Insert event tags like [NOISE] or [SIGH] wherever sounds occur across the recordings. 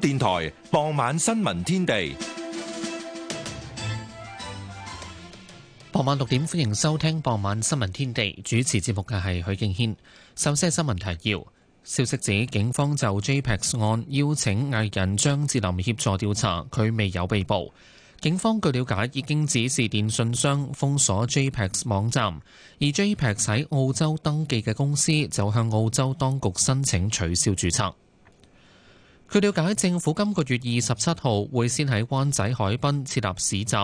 電台傍晚新聞天地，傍晚六點，歡迎收聽傍晚新聞天地。主持節目嘅係許敬軒。首先係新聞提要：消息指警方就 JPEX 案邀請藝人張智霖協助調查，佢未有被捕。警方據了解已經指示電信商封鎖 JPEX 網站，而 JPEX 喺澳洲登記嘅公司就向澳洲當局申請取消註冊。據了解政府今個月二十七號會先喺灣仔海濱設立市集，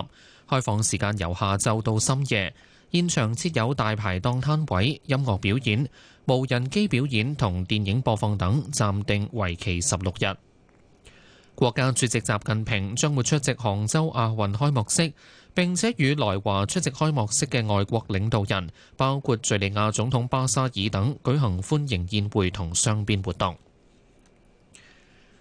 開放時間由下晝到深夜。現場設有大排檔攤位、音樂表演、無人機表演同電影播放等，暫定為期十六日。國家主席習近平將會出席杭州亞運開幕式，並且與來華出席開幕式嘅外國領導人，包括敍利亞總統巴沙爾等，舉行歡迎宴會同雙邊活動。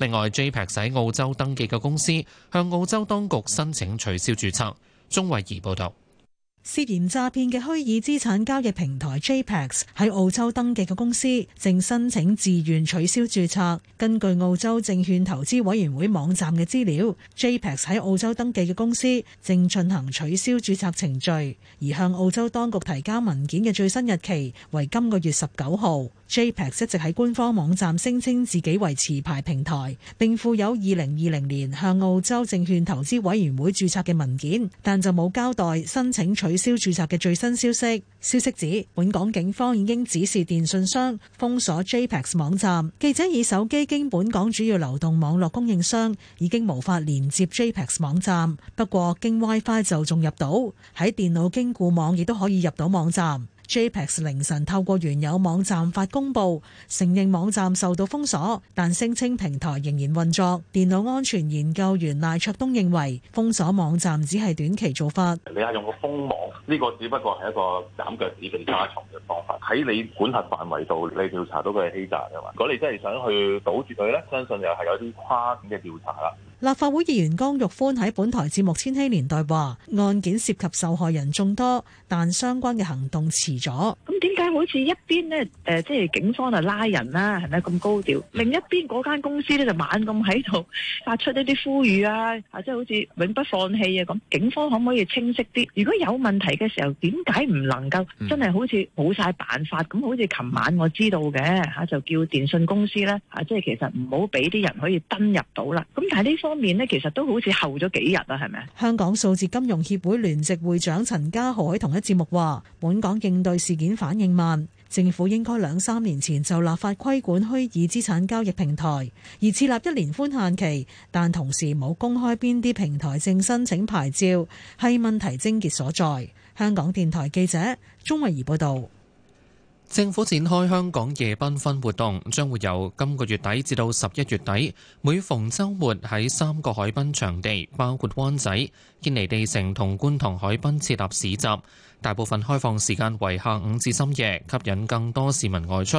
另外 j p e x 喺澳洲登記嘅公司向澳洲當局申請取消註冊。鍾偉儀報道，涉嫌詐騙嘅虛擬資產交易平台 j p e x 喺澳洲登記嘅公司正申請自願取消註冊。根據澳洲證券投資委員會網站嘅資料，j p e x 喺澳洲登記嘅公司正進行取消註冊程序，而向澳洲當局提交文件嘅最新日期為今個月十九號。JPEX 一直喺官方網站聲稱自己為持牌平台，並附有二零二零年向澳洲證券投資委員會註冊嘅文件，但就冇交代申請取消註冊嘅最新消息。消息指，本港警方已經指示電訊商封鎖 JPEX 網站。記者以手機經本港主要流動網絡供應商已經無法連接 JPEX 網站，不過經 WiFi 就仲入到，喺電腦經固網亦都可以入到網站。JPEX 凌晨透過原有網站發公佈，承認網站受到封鎖，但聲稱平台仍然運作。電腦安全研究員賴卓東認為，封鎖網站只係短期做法。你係用個封網，呢、這個只不過係一個斬腳趾避沙蟲嘅方法。喺你管轄範圍度，你調查到佢係欺詐嘅話，如果你真係想去堵住佢咧，相信又係有啲跨境嘅調查啦。立法會議員江玉歡喺本台節目《千禧年代》話：案件涉及受害人眾多，但相關嘅行動遲咗。咁點解好似一邊呢？誒，即係警方就拉人啦，係咪咁高調？另一邊嗰間公司咧就猛咁喺度發出一啲呼籲啊，即係好似永不放棄啊咁。警方可唔可以清晰啲？如果有問題嘅時候，點解唔能夠真係好似冇晒辦法咁？好似琴晚我知道嘅嚇，就叫電訊公司咧嚇，即係其實唔好俾啲人可以登入到啦。咁但係呢方方面呢，其實都好似後咗幾日啊，係咪？香港數字金融協會聯席會長陳家豪喺同一節目話本港應對事件反應慢，政府應該兩三年前就立法規管虛擬資產交易平台，而設立一年寬限期，但同時冇公開邊啲平台正申請牌照，係問題症結所在。香港電台記者鍾慧儀報道。政府展開香港夜繽紛活動，將會由今個月底至到十一月底，每逢週末喺三個海濱場地，包括灣仔、堅尼地城同觀塘海濱設立市集。大部分開放時間為下午至深夜，吸引更多市民外出。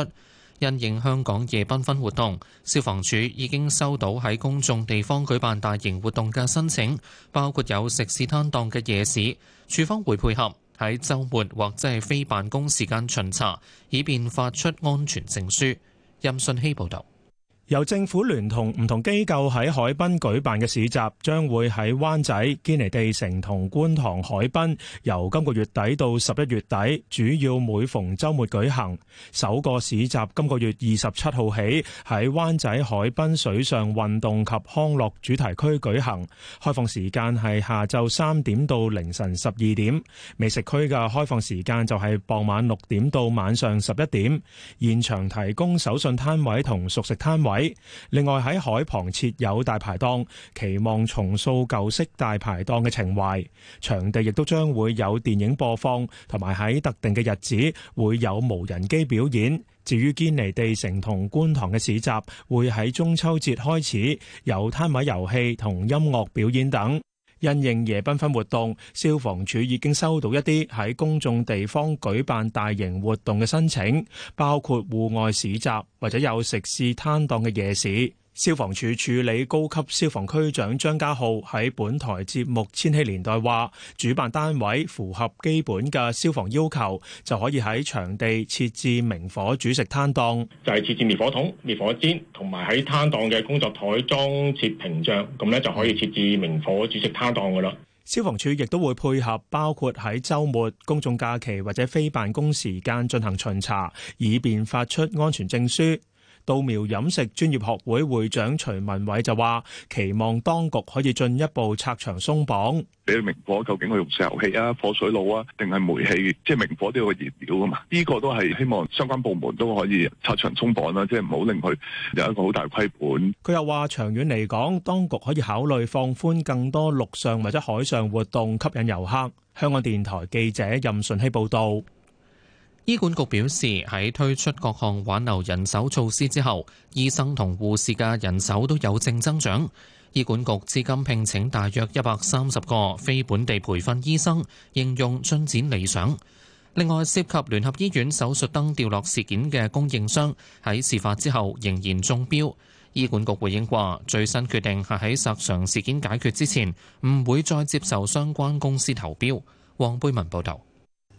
因應香港夜繽紛活動，消防處已經收到喺公眾地方舉辦大型活動嘅申請，包括有食肆攤檔嘅夜市，處方會配合。喺周末或者係非辦公時間巡查，以便發出安全證書。任信希報道。由政府聯同唔同機構喺海濱舉辦嘅市集，將會喺灣仔、堅尼地城同觀塘海濱，由今個月底到十一月底，主要每逢週末舉行。首個市集今個月二十七號起喺灣仔海濱水上運動及康樂主題區舉行，開放時間係下晝三點到凌晨十二點。美食區嘅開放時間就係傍晚六點到晚上十一點。現場提供手信攤位同熟食攤位。另外，喺海旁設有大排檔，期望重塑舊式大排檔嘅情懷。場地亦都將會有電影播放，同埋喺特定嘅日子會有無人機表演。至於堅尼地城同觀塘嘅市集，會喺中秋節開始有攤位遊戲同音樂表演等。因應夜繽紛活動，消防處已經收到一啲喺公眾地方舉辦大型活動嘅申請，包括戶外市集或者有食肆攤檔嘅夜市。消防處處理高級消防區長張家浩喺本台節目《千禧年代》話，主辦單位符合基本嘅消防要求，就可以喺場地設置明火煮食攤檔，就係設置滅火筒、滅火氈，同埋喺攤檔嘅工作台裝設屏障，咁咧就可以設置明火煮食攤檔噶啦。消防處亦都會配合，包括喺周末、公眾假期或者非辦公時間進行巡查，以便發出安全證書。稻苗飲食專業學會會長徐文偉就話：期望當局可以進一步拆牆鬆綁，俾明火究竟佢用石油氣啊、火水爐啊，定係煤氣？即係明火都要個燃料啊嘛。呢個都係希望相關部門都可以拆牆鬆綁啦，即係唔好令佢有一個好大虧本。佢又話：長遠嚟講，當局可以考慮放寬更多陸上或者海上活動，吸引遊客。香港電台記者任順希報道。醫管局表示，喺推出各項挽留人手措施之後，醫生同護士嘅人手都有正增長。醫管局至今聘請大約一百三十個非本地培訓醫生，應用進展理想。另外，涉及聯合醫院手術燈掉落事件嘅供應商喺事發之後仍然中標。醫管局回應話，最新決定係喺紗場事件解決之前，唔會再接受相關公司投標。黃貝文報道。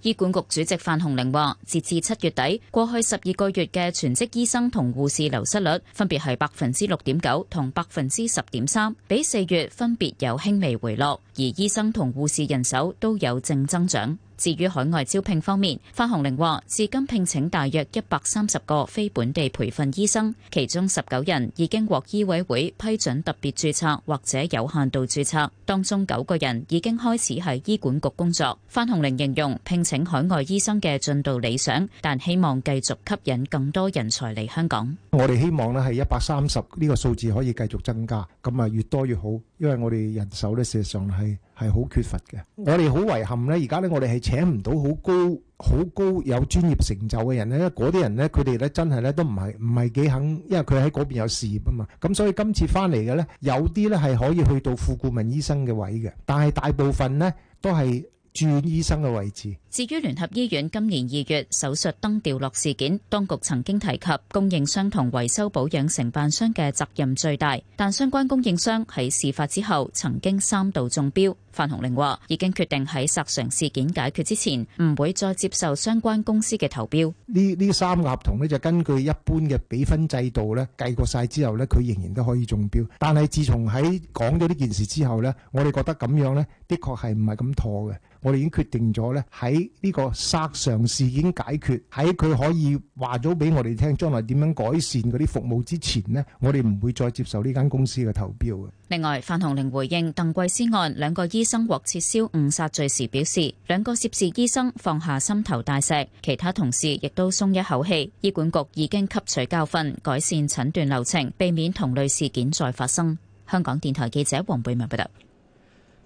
醫管局主席范鴻齡話，截至七月底，過去十二個月嘅全職醫生同護士流失率分別係百分之六點九同百分之十點三，比四月分別有輕微回落，而醫生同護士人手都有正增長。至於海外招聘方面，范鴻齡話：至今聘請大約一百三十個非本地培訓醫生，其中十九人已經獲醫委會批准特別註冊或者有限度註冊，當中九個人已經開始喺醫管局工作。范鴻齡形容聘請海外醫生嘅進度理想，但希望繼續吸引更多人才嚟香港。我哋希望呢係一百三十呢個數字可以繼續增加，咁啊越多越好。因為我哋人手咧，事實上係係好缺乏嘅。我哋好遺憾咧，而家咧我哋係請唔到好高、好高有專業成就嘅人咧。嗰啲人咧，佢哋咧真係咧都唔係唔係幾肯，因為佢喺嗰邊有事業啊嘛。咁所以今次翻嚟嘅咧，有啲咧係可以去到副顧問醫生嘅位嘅，但係大部分咧都係住院醫生嘅位置。至於聯合醫院今年二月手術燈掉落事件，當局曾經提及供應商同維修保養承辦商嘅責任最大，但相關供應商喺事發之後曾經三度中標。范鴻齡話：已經決定喺索償事件解決之前，唔會再接受相關公司嘅投標。呢呢三個合同咧就根據一般嘅比分制度咧計過曬之後咧，佢仍然都可以中標。但係自從喺講咗呢件事之後咧，我哋覺得咁樣咧，的確係唔係咁妥嘅。我哋已經決定咗咧喺呢個殺傷事件解決，喺佢可以話咗俾我哋聽將來點樣改善嗰啲服務之前呢，我哋唔會再接受呢間公司嘅投標嘅。另外，范鴻齡回應鄧桂思案兩個醫生獲撤銷誤殺罪時，表示兩個涉事醫生放下心頭大石，其他同事亦都鬆一口氣。醫管局已經吸取教訓，改善診斷流程，避免同類事件再發生。香港電台記者黃貝文報道。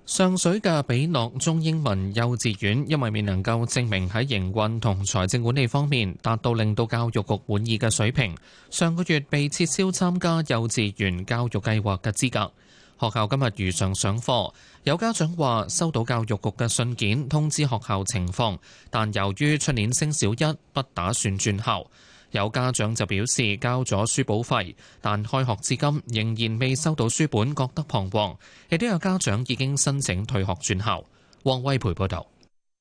上水嘅比諾中英文幼稚園因為未能夠證明喺營運同財政管理方面達到令到教育局滿意嘅水平，上個月被撤銷參加幼稚園教育計劃嘅資格。學校今日如常上課，有家長話收到教育局嘅信件通知學校情況，但由於出年升小一，不打算轉校。有家長就表示交咗書簿費，但開學至今仍然未收到書本，覺得彷徨。亦都有家長已經申請退學轉校。王威培報道，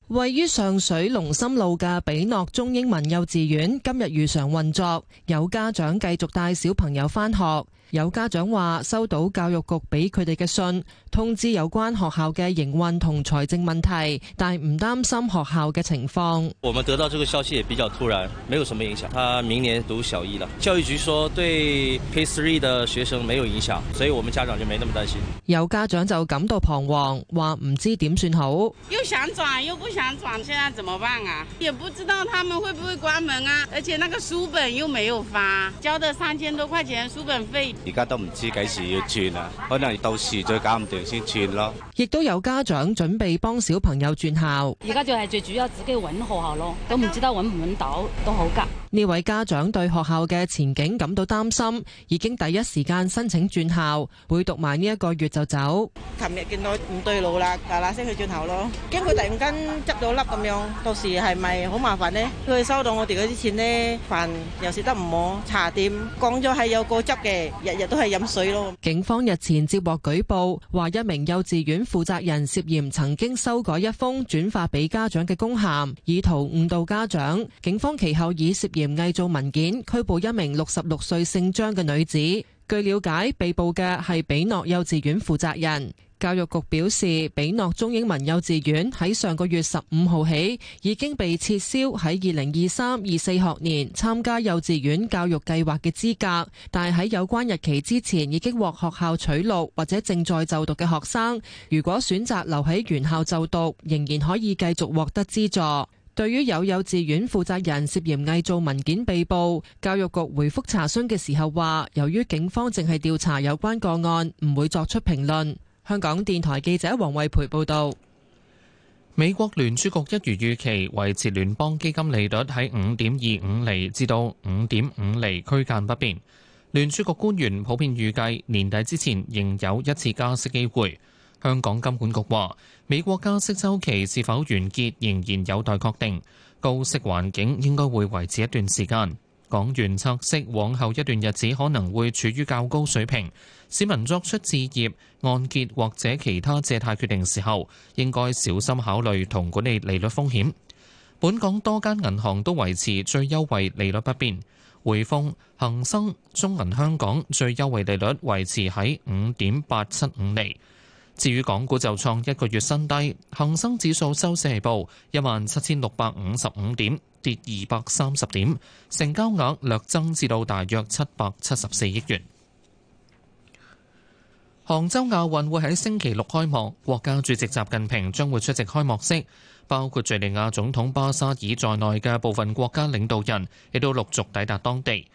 位於上水龍心路嘅比諾中英文幼稚園今日如常運作，有家長繼續帶小朋友返學。有家長話收到教育局俾佢哋嘅信，通知有關學校嘅營運同財政問題，但係唔擔心學校嘅情況。我們得到這個消息也比較突然，沒有什麼影響。他明年讀小一啦。教育局說對 P3 的學生沒有影響，所以我們家長就沒那麼擔心。有家長就感到彷徨，話唔知點算好。又想轉又不想轉，現在怎麼辦啊？也不知道他們會不會關門啊？而且那個書本又沒有發，交的三千多塊錢書本費。而家都唔知幾時要轉啊，可能到時再搞唔掂先轉咯。亦都有家長準備幫小朋友轉校，而家就係最主要自己揾學校咯，都唔知得揾唔揾到都好急。呢位家長對學校嘅前景感到擔心，已經第一時間申請轉校，會讀埋呢一個月就走。琴日見到唔對路啦，嗱嗱聲去轉校咯。驚佢突然間執到粒咁樣，到時係咪好麻煩呢？佢收到我哋嗰啲錢呢，飯又食得唔好，茶店講咗係有個執嘅。日日都係飲水囉。警方日前接獲舉報，話一名幼稚園負責人涉嫌曾經修改一封轉發俾家長嘅公函，以圖誤導家長。警方其後以涉嫌偽造文件拘捕一名六十六歲姓張嘅女子。據了解，被捕嘅係比諾幼稚園負責人。教育局表示，比諾中英文幼稚園喺上個月十五號起已經被撤銷喺二零二三二四學年參加幼稚園教育計劃嘅資格。但係喺有關日期之前已經獲學校取錄或者正在就讀嘅學生，如果選擇留喺原校就讀，仍然可以繼續獲得資助。對於有幼稚園負責人涉嫌偽造文件被捕，教育局回覆查詢嘅時候話，由於警方正喺調查有關個案，唔會作出評論。香港電台記者黃慧培報道。美國聯儲局一如預期維持聯邦基金利率喺五點二五厘至到五點五厘區間不變。聯儲局官員普遍預計年底之前仍有一次加息機會。香港金管局話，美國加息週期是否完結仍然有待確定，高息環境應該會維持一段時間。港元拆息往後一段日子可能會處於較高水平，市民作出置業、按揭或者其他借貸決定時候，應該小心考慮同管理利率風險。本港多間銀行都維持最優惠利率不變，匯豐、恒生、中銀香港最優惠利率維持喺五點八七五厘。至於港股就創一個月新低，恒生指數收市報一萬七千六百五十五點，跌二百三十點，成交額略增至到大約七百七十四億元。杭州亞運會喺星期六開幕，國家主席習近平將會出席開幕式，包括敍利亞總統巴沙爾在內嘅部分國家領導人亦都陸續抵達當地。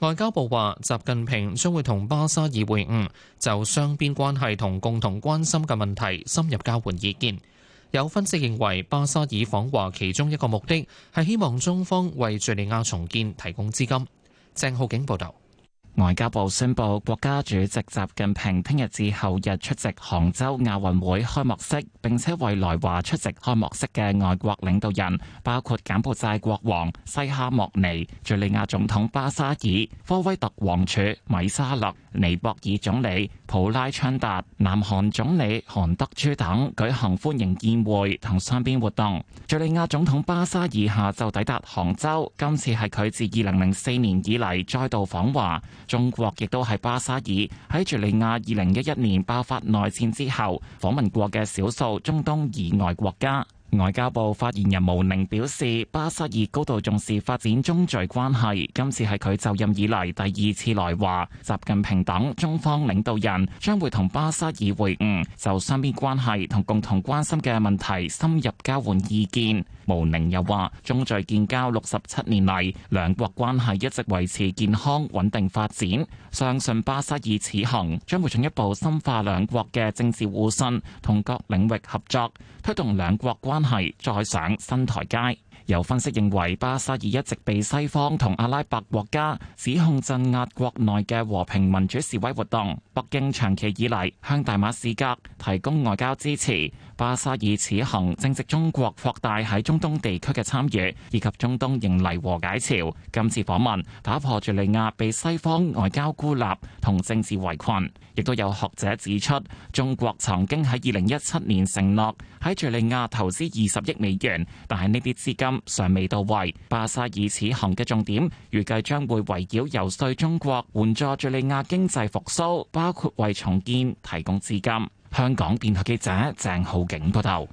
外交部話，習近平將會同巴沙爾會晤，就雙邊關係同共同關心嘅問題深入交換意見。有分析認為，巴沙爾訪華其中一個目的係希望中方為敘利亞重建提供資金。鄭浩景報道。外交部宣布，國家主席習近平聽日至後日出席杭州亞運會開幕式，並且為來華出席開幕式嘅外國領導人，包括柬埔寨國王西哈莫尼、敘利亞總統巴沙爾、科威特王儲米沙勒、尼泊爾總理普拉昌達、南韓總理韓德珠等，舉行歡迎宴會同雙邊活動。敘利亞總統巴沙爾下晝抵達杭州，今次係佢自二零零四年以嚟再度訪華。中國亦都係巴沙爾喺敘利亞二零一一年爆發內戰之後訪問過嘅少數中東以外國家。外交部發言人毛寧表示，巴沙爾高度重視發展中叙關係，今次係佢就任以嚟第二次來華。習近平等中方領導人將會同巴沙爾會晤，就雙邊關係同共同關心嘅問題深入交換意見，毛寧又話中叙建交六十七年嚟，兩國關係一直維持健康穩定發展，相信巴沙爾此行將會進一步深化兩國嘅政治互信，同各領域合作，推動兩國關。係再上新台階。有分析認為巴沙爾一直被西方同阿拉伯國家指控鎮壓國內嘅和平民主示威活動。北京長期以嚟向大馬士革提供外交支持，巴沙爾此行正值中國擴大喺中東地區嘅參與，以及中東迎嚟和解潮。今次訪問打破敍利亞被西方外交孤立同政治圍困。亦都有學者指出，中國曾經喺二零一七年承諾喺敍利亞投資二十億美元，但係呢啲資金尚未到位。巴沙爾此行嘅重點，預計將會圍繞游說中國援助敍利亞經濟復甦。包括為重建提供資金。香港電台記者鄭浩景報道。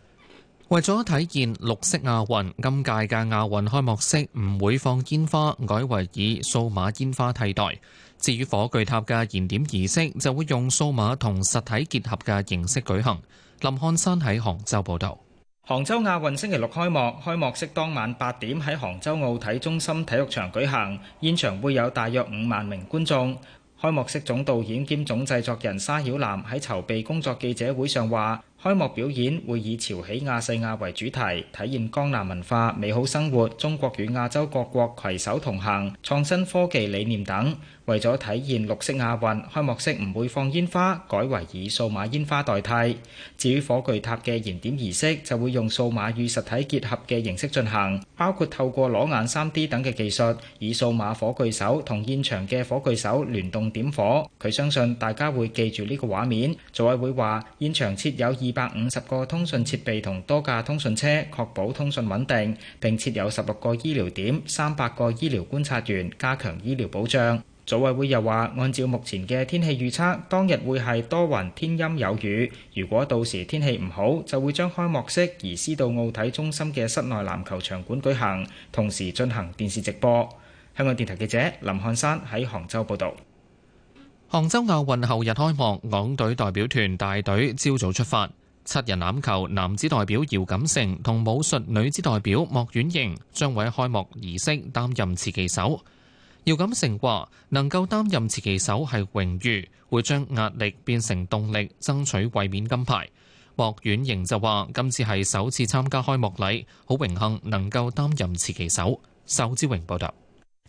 為咗體現綠色亞運，今屆嘅亞運開幕式唔會放煙花，改為以數碼煙花替代。至於火炬塔嘅燃點儀式，就會用數碼同實體結合嘅形式舉行。林漢山喺杭州報道。杭州亞運星期六開幕，開幕式當晚八點喺杭州奧體中心體育場舉行，現場會有大約五萬名觀眾。開幕式總導演兼總製作人沙曉嵐喺籌備工作記者會上話。開幕表演會以潮起亞細亞為主題，體現江南文化、美好生活、中國與亞洲各國攜手同行、創新科技理念等。為咗體現綠色亞運，開幕式唔會放煙花，改為以數碼煙花代替。至於火炬塔嘅燃點儀式，就會用數碼與實體結合嘅形式進行，包括透過裸眼 3D 等嘅技術，以數碼火炬手同現場嘅火炬手聯動點火。佢相信大家會記住呢個畫面。組委會話，現場設有二。百五十個通訊設備同多架通訊車確保通訊穩定，並設有十六個醫療點、三百個醫療觀察員，加強醫療保障。組委會又話，按照目前嘅天氣預測，當日會係多雲、天陰有雨。如果到時天氣唔好，就會將開幕式移師到奧體中心嘅室內籃球場館舉行，同時進行電視直播。香港電台記者林漢山喺杭州報道。杭州亞運後日開幕，港隊代表團大隊朝早出發。七人欖球男子代表姚錦成同武術女子代表莫婉瑩將會開幕儀式擔任持旗手。姚錦成話：能夠擔任持旗手係榮譽，會將壓力變成動力，爭取衛冕金牌。莫婉瑩就話：今次係首次參加開幕禮，好榮幸能夠擔任持旗手。仇志榮報道。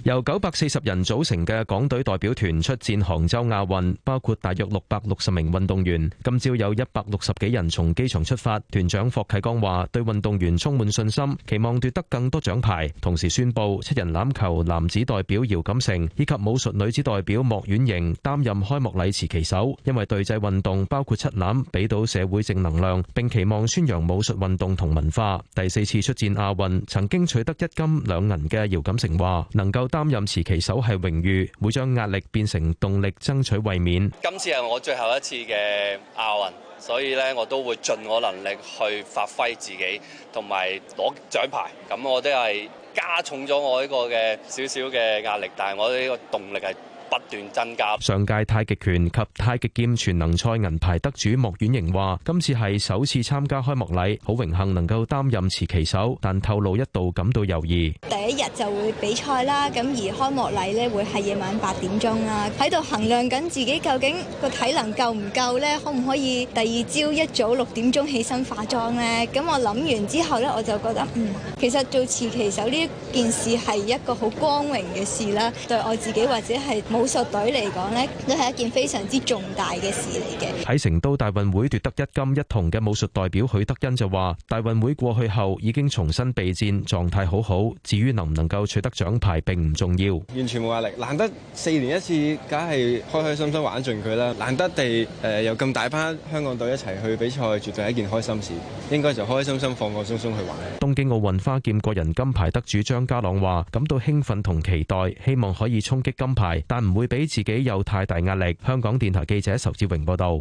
由九百四十人組成嘅港隊代表團出戰杭州亞運，包括大約六百六十名運動員。今朝有一百六十幾人從機場出發。團長霍啟剛話：對運動員充滿信心，期望奪得更多獎牌。同時宣布，七人欖球男子代表姚錦成以及武術女子代表莫婉瑩擔任開幕禮持旗手。因為隊際運動包括七欖，俾到社會正能量，並期望宣揚武術運動同文化。第四次出戰亞運，曾經取得一金兩銀嘅姚錦成話：能夠。擔任持旗手係榮譽，會將壓力變成動力，爭取衛冕。今次係我最後一次嘅奧運，所以咧我都會盡我能力去發揮自己，同埋攞獎牌。咁我都係加重咗我呢個嘅少少嘅壓力，但係我呢個動力係。不斷增加。上屆太極拳及太極劍全能賽銀牌得主莫婉瑩話：今次係首次參加開幕禮，好榮幸能夠擔任持旗手，但透露一度感到猶豫。第一日就會比賽啦，咁而開幕禮呢會係夜晚八點鐘啦，喺度衡量緊自己究竟個體能夠唔夠呢，可唔可以第二朝一早六點鐘起身化妝呢？咁我諗完之後呢，我就覺得嗯，其實做持旗手呢一件事係一個好光榮嘅事啦，對我自己或者係。武術隊嚟講咧，都係一件非常之重大嘅事嚟嘅。喺成都大運會奪得一金一銅嘅武術代表許德恩就話：大運會過去後已經重新備戰，狀態好好。至於能唔能夠取得獎牌，並唔重要。完全冇壓力，難得四年一次，梗係開開心心玩盡佢啦。難得地誒，有咁大班香港隊一齊去比賽，絕對係一件開心事。應該就開開心心放放鬆鬆去玩。東京奧運花劍個人金牌得主張家朗話：感到興奮同期待，希望可以衝擊金牌，但唔會俾自己有太大壓力。香港電台記者仇志榮報道，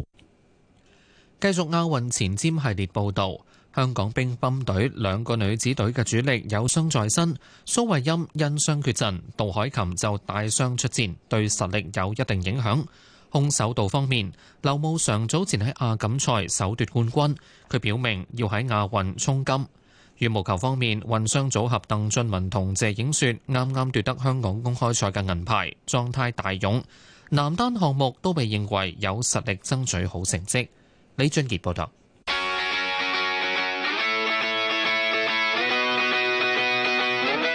繼續亞運前瞻系列報道。香港乒乓隊兩個女子隊嘅主力有傷在身，蘇慧音因傷缺陣，杜海琴就帶傷出戰，對實力有一定影響。空手道方面，劉慕常早前喺亞錦賽首奪冠軍，佢表明要喺亞運衝金。羽毛球方面，混雙組合鄧俊文同謝影雪啱啱奪得香港公開賽嘅銀牌，狀態大勇。男單項目都被認為有實力爭取好成績。李俊杰報道。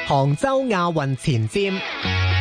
杭州亞運前瞻。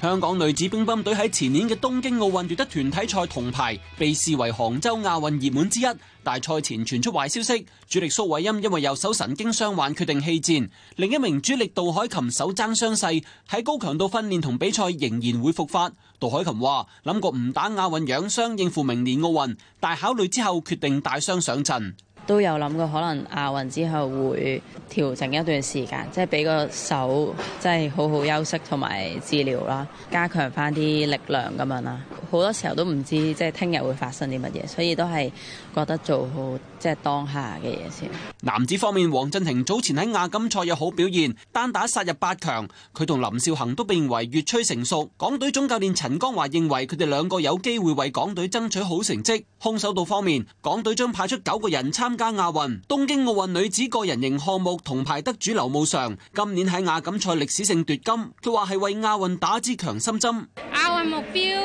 香港女子乒乓隊喺前年嘅東京奧運奪得團體賽銅牌，被視為杭州亞運熱門之一。大賽前傳出壞消息，主力蘇慧音因為右手神經傷患決定棄戰，另一名主力杜凱琹手踭傷勢喺高強度訓練同比賽仍然會復發。杜凱琹話諗過唔打亞運養傷應付明年奧運，但考慮之後決定帶傷上陣。都有諗過，可能亞運之後會調整一段時間，即係俾個手即係好好休息同埋治療啦，加強翻啲力量咁樣啦。好多時候都唔知即係聽日會發生啲乜嘢，所以都係覺得做好即係當下嘅嘢先。男子方面，黃鎮廷早前喺亞錦賽有好表現，單打殺入八強。佢同林兆恒都被認為越趨成熟。港隊總教練陳江華認為佢哋兩個有機會為港隊爭取好成績。空手道方面，港隊將派出九個人參加亞運，東京奧運女子個人型項目銅牌得主劉慕裳，今年喺亞錦賽歷史性奪金，佢話係為亞運打支強心針。亞運目標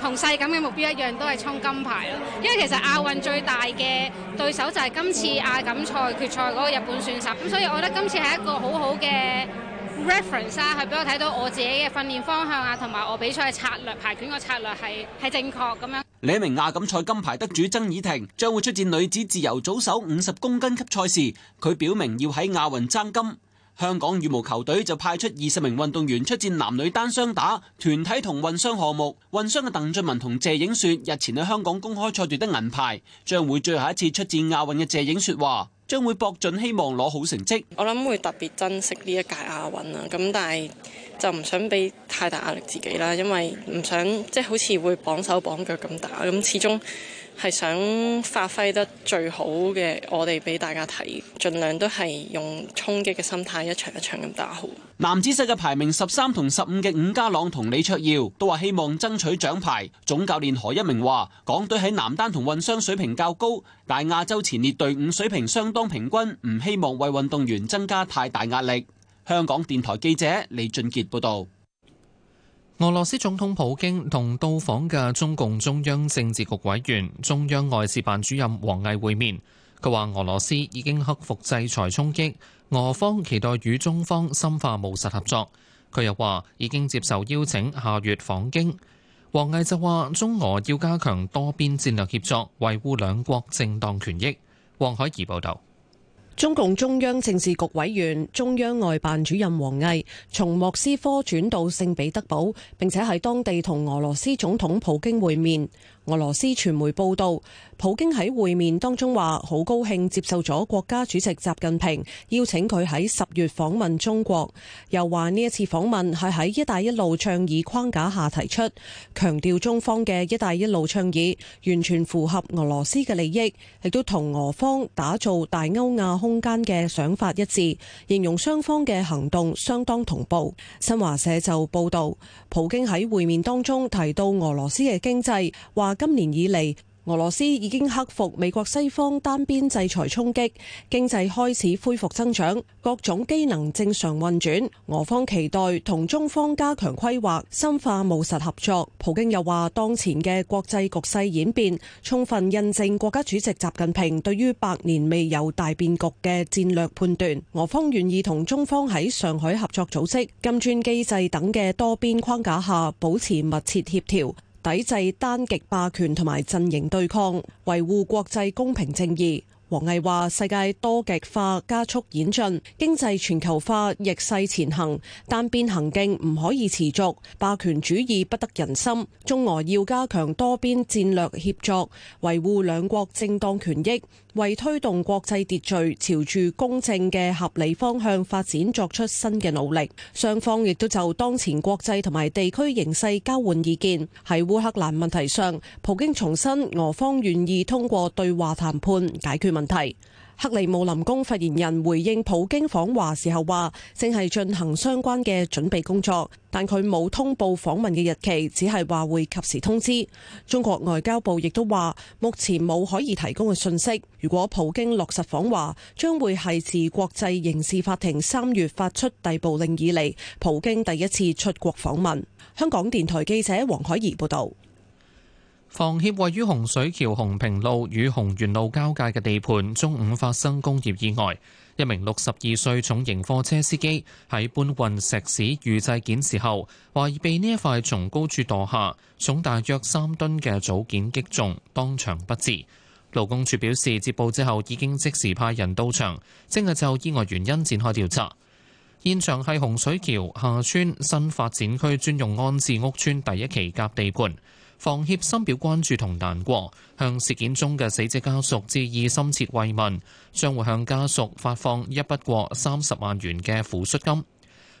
同世錦嘅目標一樣，都係衝金牌咯。因為其實亞運最大嘅對手就係今次亞錦賽決賽嗰個日本選手，咁所以我覺得今次係一個好好嘅 reference 啊，係俾我睇到我自己嘅訓練方向啊，同埋我比賽嘅策略排拳嘅策略係係正確咁樣。呢名亞錦賽金牌得主曾爾婷將會出戰女子自由組手五十公斤級賽事，佢表明要喺亞運爭金。香港羽毛球隊就派出二十名運動員出戰男女單雙打、團體同混雙項目。混雙嘅鄧俊文同謝影雪日前喺香港公開賽奪得銀牌，將會最後一次出戰亞運嘅謝影雪話：將會搏盡希望攞好成績。我諗會特別珍惜呢一屆亞運啊！咁但係，就唔想俾太大壓力自己啦，因為唔想即係、就是、好似會綁手綁腳咁打，咁始終係想發揮得最好嘅，我哋俾大家睇，儘量都係用衝擊嘅心態一場一場咁打好。男子世界排名十三同十五嘅伍家朗同李卓耀都話希望爭取獎牌。總教練何一鳴話：港隊喺男單同混雙水平較高，但亞洲前列隊伍水平相當平均，唔希望為運動員增加太大壓力。香港電台記者李俊杰報道，俄羅斯總統普京同到訪嘅中共中央政治局委員、中央外事辦主任王毅會面。佢話俄羅斯已經克服制裁衝擊，俄方期待與中方深化務實合作。佢又話已經接受邀請，下月訪京。王毅就話中俄要加強多邊戰略協作，維護兩國正當權益。王海怡報道。中共中央政治局委員、中央外辦主任王毅從莫斯科轉到聖彼得堡，並且喺當地同俄羅斯總統普京會面。俄羅斯傳媒報道，普京喺會面當中話好高興接受咗國家主席習近平邀請佢喺十月訪問中國，又話呢一次訪問係喺一帶一路倡議框架下提出，強調中方嘅一帶一路倡議完全符合俄羅斯嘅利益，亦都同俄方打造大歐亞空間嘅想法一致，形容雙方嘅行動相當同步。新華社就報道，普京喺會面當中提到俄羅斯嘅經濟，話今年以嚟，俄羅斯已經克服美國西方單邊制裁衝擊，經濟開始恢復增長，各種機能正常運轉。俄方期待同中方加強規劃、深化務實合作。普京又話，當前嘅國際局勢演變，充分印證國家主席習近平對於百年未有大變局嘅戰略判斷。俄方願意同中方喺上海合作組織、金磚機制等嘅多邊框架下，保持密切協調。抵制單極霸權同埋陣營對抗，維護國際公平正義。王毅話：世界多極化加速演進，經濟全球化逆勢前行，單邊行徑唔可以持續，霸權主義不得人心。中俄要加強多邊戰略協作，維護兩國正當權益。為推動國際秩序朝住公正嘅合理方向發展作出新嘅努力，雙方亦都就當前國際同埋地區形勢交換意見。喺烏克蘭問題上，普京重申俄方願意通過對話談判解決問題。克里姆林宮發言人回應普京訪華時候話，正係進行相關嘅準備工作，但佢冇通報訪問嘅日期，只係話會及時通知。中國外交部亦都話，目前冇可以提供嘅信息。如果普京落實訪華，將會係自國際刑事法庭三月發出逮捕令以嚟，普京第一次出國訪問。香港電台記者黃海怡報道。房協位於洪水橋洪平路與洪元路交界嘅地盤，中午發生工業意外，一名六十二歲重型貨車司機喺搬運石屎預製件時候，懷疑被呢一塊從高處墮下、重大約三噸嘅組件擊中，當場不治。勞工處表示，接報之後已經即時派人到場，正係就意外原因展開調查。現場係洪水橋下村新發展區專用安置屋邨第一期甲地盤。房協深表關注同難過，向事件中嘅死者家屬致意深切慰問，將會向家屬發放一筆過三十萬元嘅撫恤金。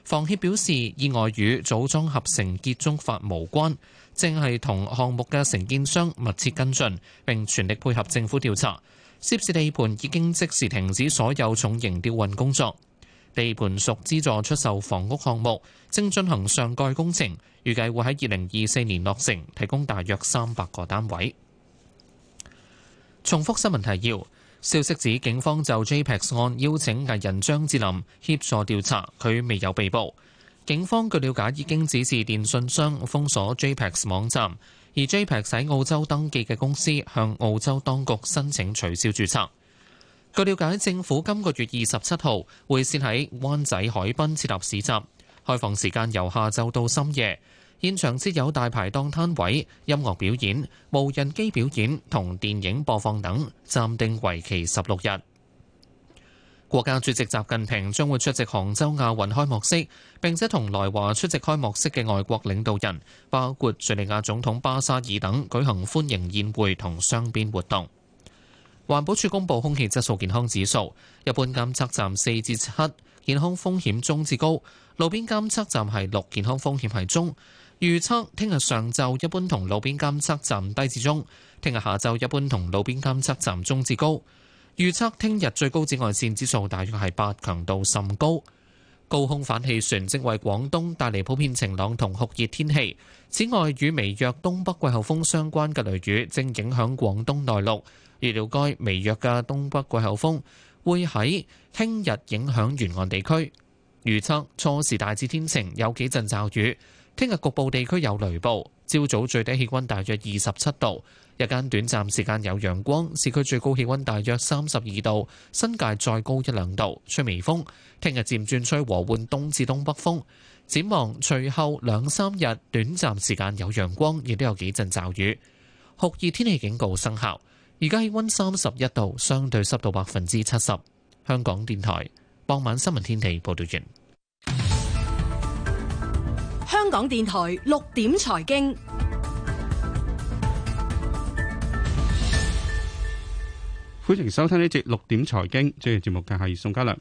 房協表示，意外與組裝合成結中法無關，正係同項目嘅承建商密切跟進，並全力配合政府調查。涉事地盤已經即時停止所有重型吊運工作。地盤屬資助出售房屋項目，正進行上蓋工程，預計會喺二零二四年落成，提供大約三百個單位。重複新聞提要，消息指警方就 JPEX 案邀請藝人張智霖協助調查，佢未有被捕。警方據了解已經指示電信商封鎖 JPEX 網站，而 JPEX 喺澳洲登記嘅公司向澳洲當局申請取消註冊。據了解，政府今個月二十七號會先喺灣仔海濱設立市集，開放時間由下晝到深夜。現場設有大排檔攤位、音樂表演、無人機表演同電影播放等。暫定為期十六日。國家主席習近平將會出席杭州亞運開幕式，並且同來華出席開幕式嘅外國領導人，包括敘利亞總統巴沙爾等，舉行歡迎宴會同雙邊活動。環保署公布空氣質素健康指數，一般監測站四至七，健康風險中至高；路邊監測站係六，健康風險係中。預測聽日上晝一般同路邊監測站低至中，聽日下晝一般同路邊監測站中至高。預測聽日最高紫外線指數大約係八，強度甚高。高空反氣旋正為廣東帶嚟普遍晴朗同酷熱天氣。此外，與微弱東北季候風相關嘅雷雨正影響廣東內陸。預料該微弱嘅東北季候風會喺聽日影響沿岸地區。預測初時大致天晴，有幾陣驟雨。聽日局部地區有雷暴。朝早最低氣温大約二十七度，日間短暫時間有陽光，市區最高氣温大約三十二度，新界再高一兩度，吹微風。聽日漸轉吹和緩東至東北風。展望隨後兩三日，短暫時間有陽光，亦都有幾陣驟雨。酷熱天氣警告生效。而家氣温三十一度，相對濕度百分之七十。香港電台傍晚新聞天氣報道完。香港電台六點財經，歡迎收聽呢節六點財經。主持節目嘅係宋嘉良。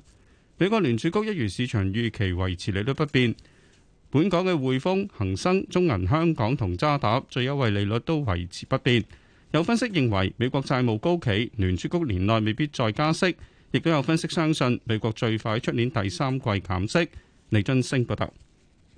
美國聯儲局一如市場預期維持利率不變。本港嘅匯豐、恒生、中銀、香港同渣打最優惠利率都維持不變。有分析認為美國債務高企，聯儲局年內未必再加息。亦都有分析相信美國最快出年第三季減息。李津升報道。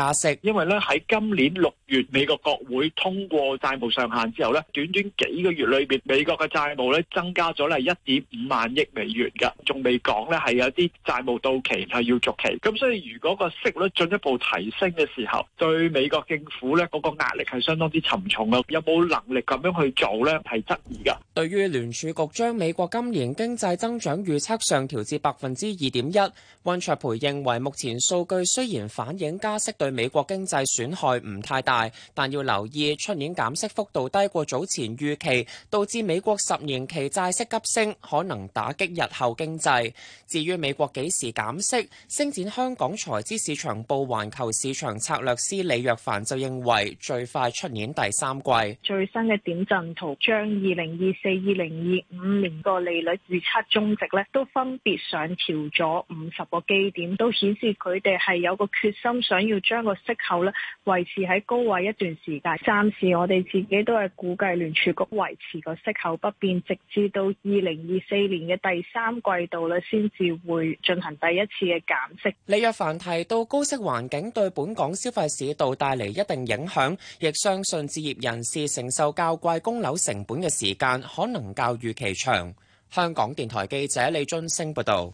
加息，因為咧喺今年六月美國國會通過債務上限之後咧，短短幾個月裏邊，美國嘅債務咧增加咗咧一點五萬億美元噶，仲未講咧係有啲債務到期係要續期，咁所以如果個息率進一步提升嘅時候，對美國政府咧嗰個壓力係相當之沉重啊，有冇能力咁樣去做咧係質疑噶，對於聯儲局將美國今年經濟增長預測上調至百分之二點一，溫卓培認為目前數據雖然反映加息對美國經濟損害唔太大，但要留意出年減息幅度低過早前預期，導致美國十年期債息急升，可能打擊日後經濟。至於美國幾時減息，星展香港財資市場部環球市場策略師李若凡就認為最快出年第三季。最新嘅點陣圖將二零二四、二零二五年個利率預測中值咧，都分別上調咗五十個基點，都顯示佢哋係有個決心想要。將個息口咧維持喺高位一段時間，暫時我哋自己都係估計聯儲局維持個息口不變，直至到二零二四年嘅第三季度咧，先至會進行第一次嘅減息。李若凡提到高息環境對本港消費市道帶嚟一定影響，亦相信置業人士承受較貴供樓成本嘅時間可能較預期長。香港電台記者李俊升報道。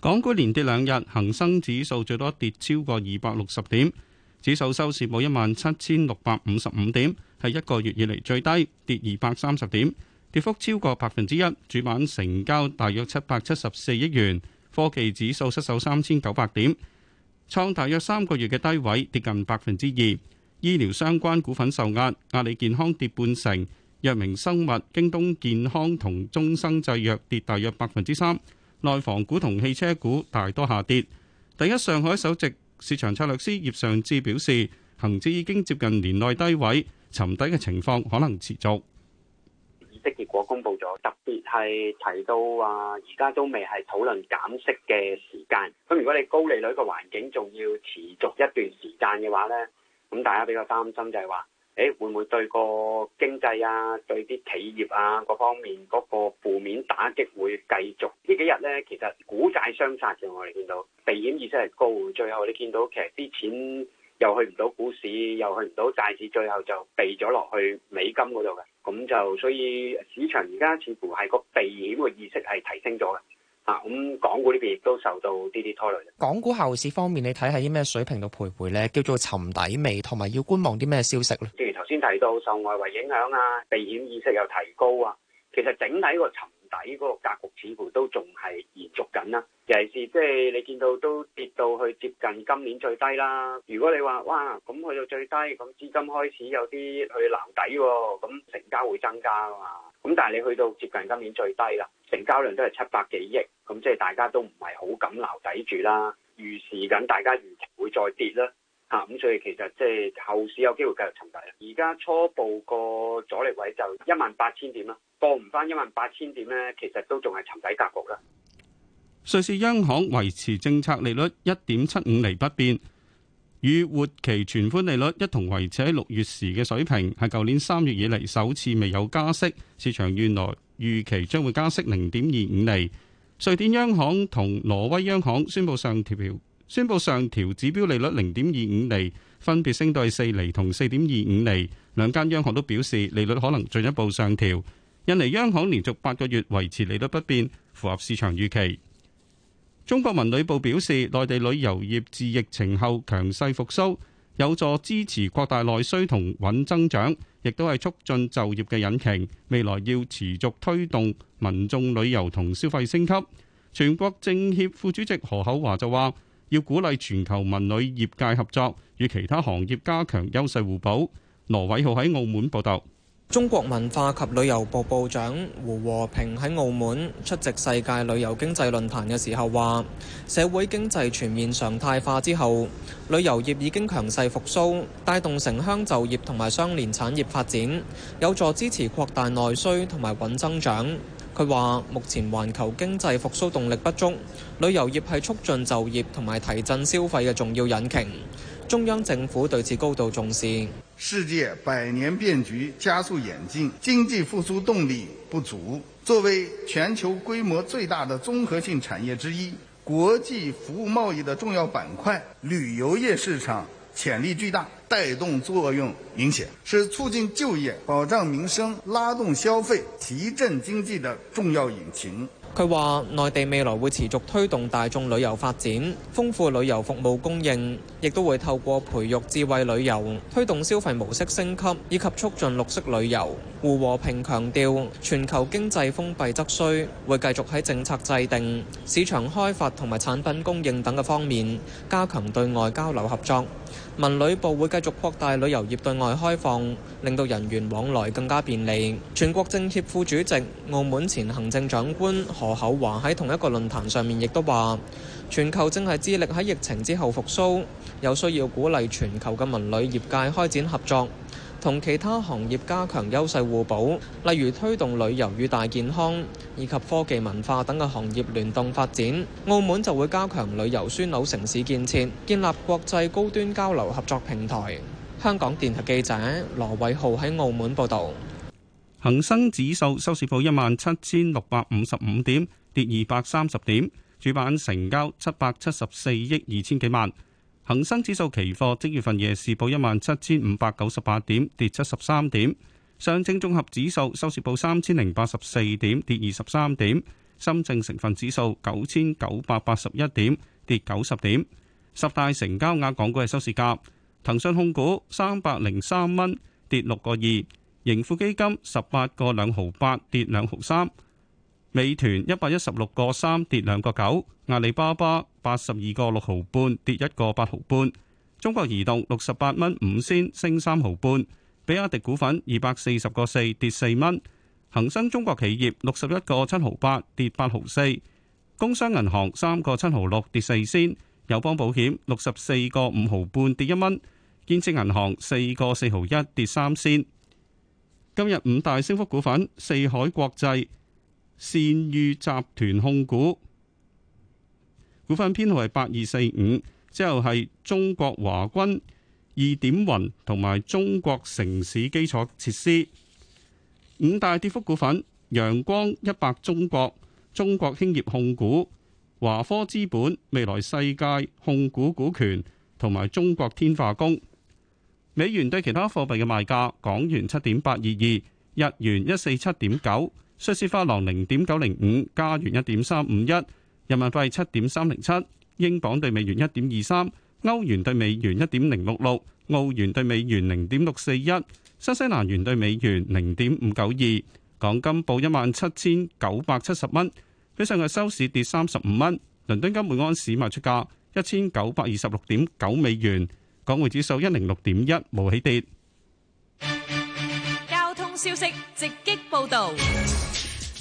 港股連跌兩日，恒生指數最多跌超過二百六十點，指數收市冇一萬七千六百五十五點，係一個月以嚟最低，跌二百三十點，跌幅超過百分之一。主板成交大約七百七十四億元，科技指數失守三千九百點，創大約三個月嘅低位，跌近百分之二。醫療相關股份受壓，阿里健康跌半成，藥明生物、京東健康同中生製藥跌大約百分之三。內房股同汽車股大多下跌。第一上海首席市場策略師葉尚志表示，恒指已經接近年內低位，沉底嘅情況可能持續。會議結果公布咗，特別係提到話，而家都未係討論減息嘅時間。咁如果你高利率嘅環境仲要持續一段時間嘅話呢，咁大家比較擔心就係話。誒，會唔會對個經濟啊，對啲企業啊，各方面嗰個負面打擊會繼續？呢幾日咧，其實股債雙殺嘅，我哋見到避險意識係高，最後你見到其實啲錢又去唔到股市，又去唔到債市，最後就避咗落去美金嗰度嘅，咁就所以市場而家似乎係個避險嘅意識係提升咗嘅。啊，咁、嗯、港股呢邊亦都受到啲啲拖累。港股後市方面，你睇下啲咩水平度徘徊咧？叫做沉底未？同埋要觀望啲咩消息咧？正如頭先提到，受外圍影響啊，避險意識又提高啊，其實整體個沉底嗰個格局似乎都仲係延續緊啦、啊。尤其是即係你見到都跌到去接近今年最低啦。如果你話哇咁去到最低，咁資金開始有啲去撈底、啊，咁成交會增加啊嘛。咁但係你去到接近今年最低啦，成交量都係七百幾億，咁即係大家都唔係好敢撈底住啦，預示緊大家預期會再跌啦，吓咁所以其實即係後市有機會繼續沉底啦。而家初步個阻力位就一萬八千點啦，過唔翻一萬八千點咧，其實都仲係沉底格局啦。瑞士央行維持政策利率一點七五厘不變。與活期存款利率一同維持喺六月時嘅水平，係舊年三月以嚟首次未有加息。市場原來預期將會加息零點二五厘。瑞典央行同挪威央行宣布上調，宣布上調指標利率零點二五厘，分別升到四厘同四點二五厘。兩間央行都表示利率可能進一步上調。印尼央行連續八個月維持利率不變，符合市場預期。中國文旅部表示，內地旅遊業自疫情後強勢復甦，有助支持擴大內需同穩增長，亦都係促進就業嘅引擎。未來要持續推動民眾旅遊同消費升級。全國政協副主席何厚華就話，要鼓勵全球文旅業界合作，與其他行業加強優勢互補。羅偉浩喺澳門報道。中國文化及旅遊部部長，胡和平喺澳門出席世界旅遊經濟論壇嘅時候話，社會經濟全面常態化之後，旅遊業已經強勢復甦，帶動城鄉就業同埋相連產業發展，有助支持擴大內需同埋穩增長。佢話，目前環球經濟復甦動力不足，旅遊業係促進就業同埋提振消費嘅重要引擎。中央政府對此高度重視。世界百年變局加速演進，經濟復蘇動力不足。作為全球規模最大的綜合性產業之一，國際服務貿易的重要板塊，旅遊業市場潛力巨大，帶動作用明顯，是促進就業、保障民生、拉動消費、提振經濟的重要引擎。佢話：內地未來會持續推動大眾旅遊發展，豐富旅遊服務供應，亦都會透過培育智慧旅遊，推動消費模式升級，以及促進綠色旅遊。胡和平強調，全球經濟封閉則衰，會繼續喺政策制定、市場開發同埋產品供應等嘅方面加強對外交流合作。文旅部會繼續擴大旅遊業對外開放，令到人員往來更加便利。全國政協副主席、澳門前行政長官何厚鏵喺同一個論壇上面亦都話：全球正係致力喺疫情之後復甦，有需要鼓勵全球嘅文旅業界開展合作，同其他行業加強優勢互補，例如推動旅遊與大健康以及科技文化等嘅行業聯動發展。澳門就會加強旅遊樞紐城市建設，建立國際高端交流合作平台。香港電台記者羅偉浩喺澳門報道。恒生指數收市報一萬七千六百五十五點，跌二百三十點。主板成交七百七十四億二千幾萬。恒生指數期貨即月份夜市報一萬七千五百九十八點，跌七十三點。上證綜合指數收市報三千零八十四點，跌二十三點。深證成分指數九千九百八十一點，跌九十點。十大成交額港股嘅收市價：騰訊控股三百零三蚊，跌六個二；盈富基金十八個兩毫八，跌兩毫三；美團一百一十六個三，跌兩個九；阿里巴巴。八十二個六毫半，65，跌一個八毫半。中國移動六十八蚊五仙，升三毫半。比亞迪股份二百四十個四，跌四蚊。恒生中國企業六十一個七毫八，跌八毫四。工商銀行三個七毫六，跌四仙。友邦保險六十四個五毫半，跌一蚊。建設銀行四個四毫一，跌三仙。今日五大升幅股份：四海國際、善譽集團控股。股份編號係八二四五，之後係中國華軍、易點雲同埋中國城市基礎設施。五大跌幅股份：陽光一百中國、中國興業控股、華科資本、未來世界控股股權同埋中國天化工。美元對其他貨幣嘅賣價：港元七點八二二，日元一四七點九，瑞士法郎零點九零五，加元一點三五一。人民幣七點三零七，英鎊兌美元一點二三，歐元兌美元一點零六六，澳元兌美元零點六四一，新西蘭元兌美元零點五九二。港金報一萬七千九百七十蚊，比上日收市跌三十五蚊。倫敦金每安士賣出價一千九百二十六點九美元。港匯指數一零六點一，冇起跌。交通消息直擊報道。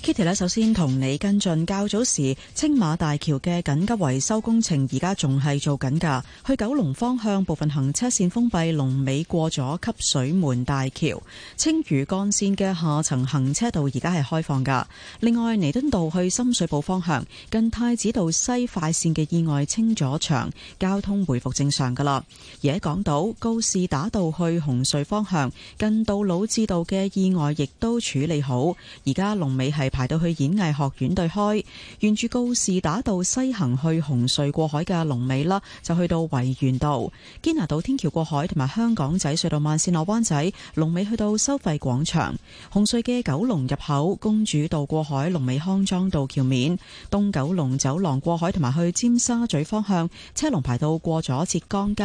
Kitty 咧，Katie，首先同你跟進較早時青馬大橋嘅緊急維修工程，而家仲係做緊噶。去九龍方向部分行車線封閉，龍尾過咗汲水門大橋。青嶼幹線嘅下層行車道而家係開放噶。另外，彌敦道去深水埗方向近太子道西快線嘅意外清咗場，交通回復正常噶啦。而喺港島告士打道去紅隧方向近杜老誌道嘅意外亦都處理好，而家龍尾係。排到去演藝學院對開，沿住告士打道西行去紅隧過海嘅龍尾啦，就去到維園道、堅拿道天橋過海，同埋香港仔隧道慢線落灣仔龍尾去到收費廣場、紅隧嘅九龍入口、公主道過海龍尾康莊道橋面、東九龍走廊過海同埋去尖沙咀方向，車龍排到過咗浙江街、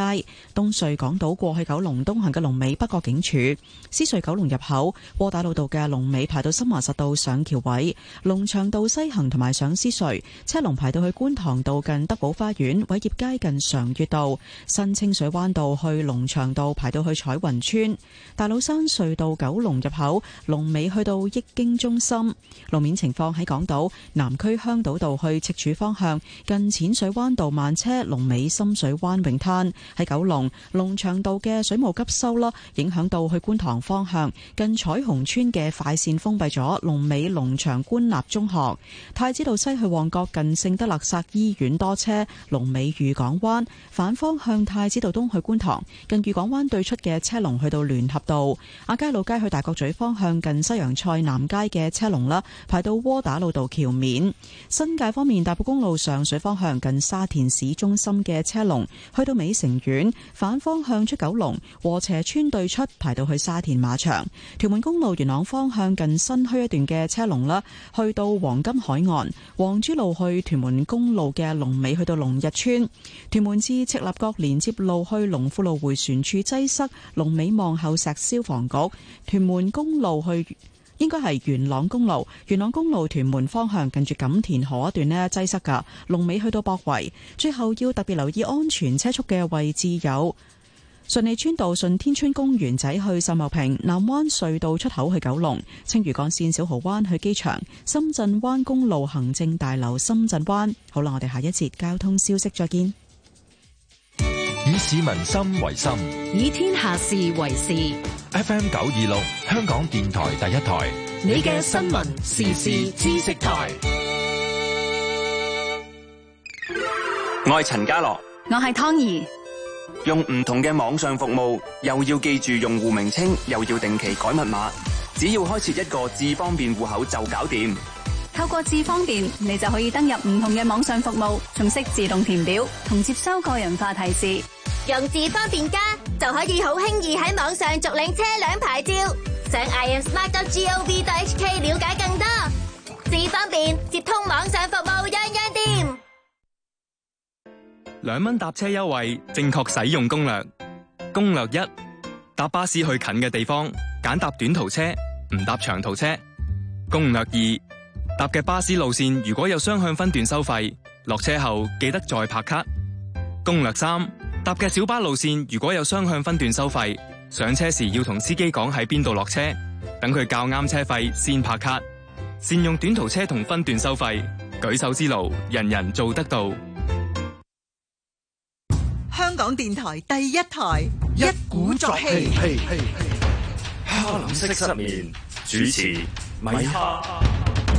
東隧港島過去九龍東行嘅龍尾北角警署、獅隧九龍入口、窩打老道嘅龍尾排到新華十道上橋喺龍翔道西行同埋上獅隧，車龍排到去觀塘道近德寶花園、偉業街近常悅道、新清水灣道去龍翔道排到去彩雲村、大老山隧道九龍入口龍尾去到益京中心。路面情況喺港島南區香島道去赤柱方向近淺水灣道慢車龍尾深水灣泳灘。喺九龍龍翔道嘅水務急收啦，影響到去觀塘方向近彩虹村嘅快線封閉咗龍尾龍。龍長官立中學、太子道西去旺角近聖德勒薩醫院多車，龍尾御港灣，反方向太子道東去觀塘近御港灣對出嘅車龍去到聯合道，亞皆老街去大角咀方向近西洋菜南街嘅車龍啦，排到窩打老道橋面。新界方面，大埔公路上水方向近沙田市中心嘅車龍去到美城苑，反方向出九龍和斜村對出排到去沙田馬場。屯門公路元朗方向近新墟一段嘅車龍啦。去到黃金海岸黃珠路去屯門公路嘅龍尾去到龍日村，屯門至赤鱲角連接路去龍富路回旋處擠塞，龍尾望后石消防局屯門公路去應該係元朗公路，元朗公路屯門方向近住錦田河一段呢擠塞噶龍尾去到博圍，最後要特別留意安全車速嘅位置有。順利村道、順天村公園仔去秀茂坪，南灣隧道出口去九龍，青嶼幹線小蠔灣去機場，深圳灣公路行政大樓、深圳灣。好啦，我哋下一節交通消息再見。以市民心為心，以天下事為事。F M 九二六，香港電台第一台，你嘅新聞時事知識台。我係陳家樂，我係湯儀。用唔同嘅網上服務，又要記住用戶名稱，又要定期改密碼。只要開設一個智方便戶口就搞掂。透過智方便，你就可以登入唔同嘅網上服務，仲識自動填表同接收個人化提示。用智方便家就可以好輕易喺網上續領車輛牌照。上 iamsmart.gov.hk 了解更多。智方便接通網上服務，樣樣掂。兩蚊搭車優惠，正確使用攻略。攻略一：搭巴士去近嘅地方，揀搭短途車，唔搭長途車。攻略二：搭嘅巴士路線如果有雙向分段收費，落車後記得再拍卡。攻略三：搭嘅小巴路線如果有雙向分段收費，上車時要同司機講喺邊度落車，等佢較啱車費先拍卡。善用短途車同分段收費，舉手之勞，人人做得到。香港電台第一台，一鼓作氣。Hey, hey, hey, hey. 哈林式十年，主持，主持米哈。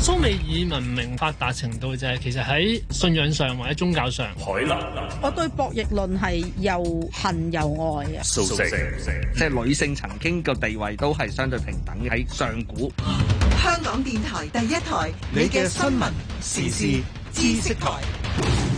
蘇美爾文明發達程度就係，其實喺信仰上或者宗教上，海南。我對博弈論係又恨又愛啊。蘇性性即係女性曾經嘅地位都係相對平等喺上古。 [LAUGHS] 香港電台第一台，你嘅新聞時事知識台。